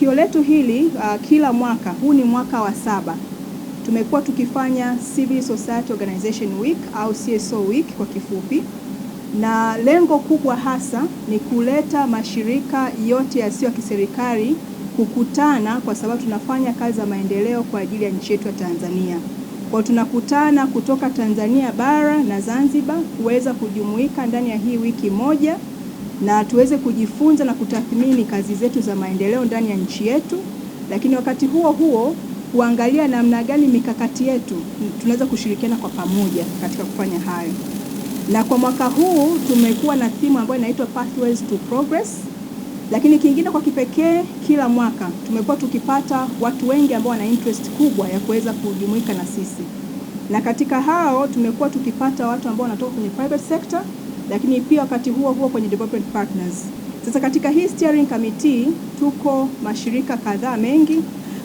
Tukio letu hili uh, kila mwaka, huu ni mwaka wa saba, tumekuwa tukifanya Civil Society Organization Week au CSO Week kwa kifupi, na lengo kubwa hasa ni kuleta mashirika yote yasiyo ya kiserikali kukutana, kwa sababu tunafanya kazi za maendeleo kwa ajili ya nchi yetu ya Tanzania. Kwa tunakutana kutoka Tanzania bara na Zanzibar kuweza kujumuika ndani ya hii wiki moja na tuweze kujifunza na kutathmini kazi zetu za maendeleo ndani ya nchi yetu, lakini wakati huo huo kuangalia namna gani mikakati yetu tunaweza kushirikiana kwa pamoja katika kufanya hayo. Na kwa mwaka huu tumekuwa na timu ambayo inaitwa Pathways to Progress, lakini kingine kwa kipekee, kila mwaka tumekuwa tukipata watu wengi ambao wana interest kubwa ya kuweza kujumuika na sisi, na katika hao tumekuwa tukipata watu ambao wanatoka kwenye private sector lakini pia wakati huo huo kwenye development partners. Sasa katika hii steering committee tuko mashirika kadhaa mengi.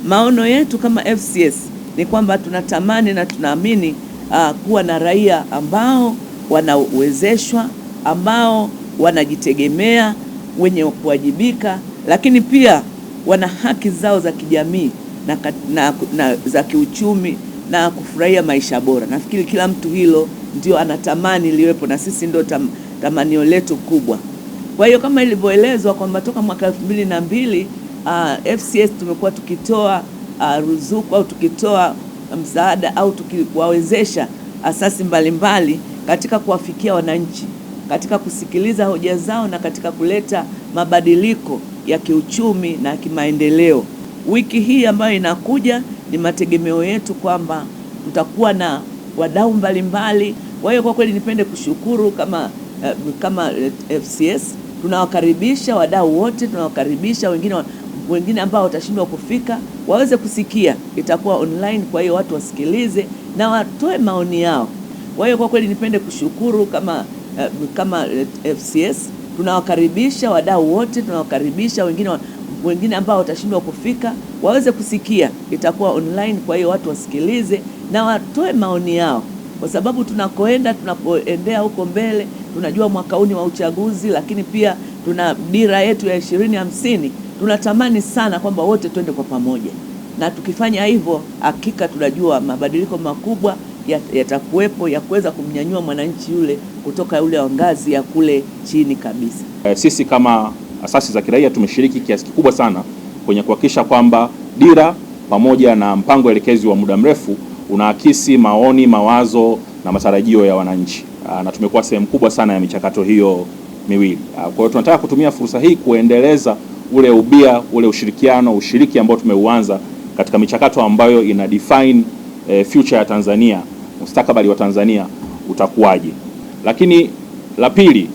Maono yetu kama FCS ni kwamba tunatamani na tunaamini uh, kuwa na raia ambao wanawezeshwa, ambao wanajitegemea, wenye kuwajibika, lakini pia wana haki zao za kijamii na, na, na za kiuchumi na kufurahia maisha bora. Nafikiri kila mtu hilo ndio anatamani liwepo, na sisi ndio tam, tamanio letu kubwa. Kwa hiyo kama ilivyoelezwa kwamba toka mwaka elfu mbili na mbili uh, ah, FCS tumekuwa tukitoa uh, ruzuku au tukitoa msaada au tukiwawezesha asasi mbalimbali mbali, katika kuwafikia wananchi katika kusikiliza hoja zao na katika kuleta mabadiliko ya kiuchumi na kimaendeleo. Wiki hii ambayo inakuja ni mategemeo yetu kwamba mtakuwa na wadau mbalimbali. Kwa hiyo kwa kweli nipende kushukuru kama, eh, kama eh, FCS tunawakaribisha wadau wote, tunawakaribisha wengine, wengine ambao watashindwa kufika waweze kusikia, itakuwa online. Kwa hiyo watu wasikilize na watoe maoni yao. Kwa hiyo kwa kweli nipende kushukuru kama, eh, kama FCS tunawakaribisha wadau wote, tunawakaribisha wengine wengine ambao watashindwa kufika waweze kusikia, itakuwa online. Kwa hiyo watu wasikilize na watoe maoni yao, kwa sababu tunakoenda, tunapoendea huko mbele, tunajua mwaka huu ni wa uchaguzi, lakini pia tuna dira yetu ya ishirini hamsini. Tunatamani sana kwamba wote twende kwa pamoja, na tukifanya hivyo, hakika tunajua mabadiliko makubwa yatakuwepo ya, ya kuweza kumnyanyua mwananchi yule kutoka yule wa ngazi ya kule chini kabisa. Eh, sisi kama asasi za kiraia tumeshiriki kiasi kikubwa sana kwenye kuhakikisha kwamba dira pamoja na mpango elekezi wa muda mrefu unaakisi maoni, mawazo na matarajio ya wananchi, ah, na tumekuwa sehemu kubwa sana ya michakato hiyo miwili. Ah, kwa hiyo tunataka kutumia fursa hii kuendeleza ule ubia, ule ushirikiano, ushiriki ambao tumeuanza katika michakato ambayo ina define e, future ya Tanzania, mustakabali wa Tanzania utakuwaje. Lakini la pili,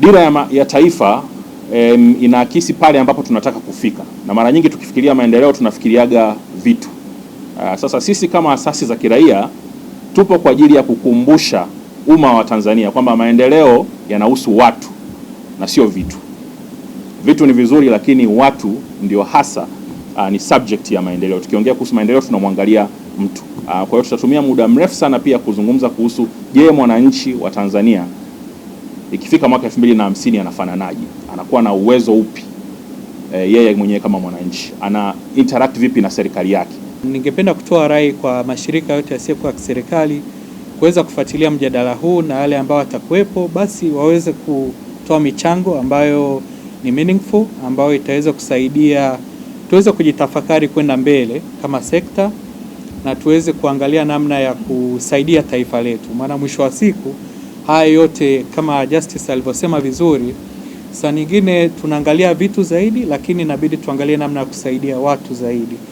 dira ya, ya taifa em, inaakisi pale ambapo tunataka kufika, na mara nyingi tukifikiria maendeleo tunafikiriaga vitu. uh, sasa sisi kama asasi za kiraia tupo kwa ajili ya kukumbusha umma wa Tanzania kwamba maendeleo yanahusu watu na sio vitu. Vitu ni vizuri, lakini watu ndio hasa uh, ni subject ya maendeleo. Tukiongea kuhusu maendeleo tunamwangalia mtu. uh, kwa hiyo tutatumia muda mrefu sana pia kuzungumza kuhusu je, mwananchi wa Tanzania ikifika mwaka 2050 anafananaje, anakuwa na uwezo upi e, yeye mwenyewe kama mwananchi ana interact vipi na serikali yake. Ningependa kutoa rai kwa mashirika yote yasiyokuwa ya kiserikali kuweza kufuatilia mjadala huu na wale ambao watakuwepo basi waweze kutoa michango ambayo ni meaningful, ambayo itaweza kusaidia tuweze kujitafakari kwenda mbele kama sekta na tuweze kuangalia namna ya kusaidia taifa letu, maana mwisho wa siku Haya yote kama Justice alivyosema vizuri, saa nyingine tunaangalia vitu zaidi, lakini inabidi tuangalie namna ya kusaidia watu zaidi.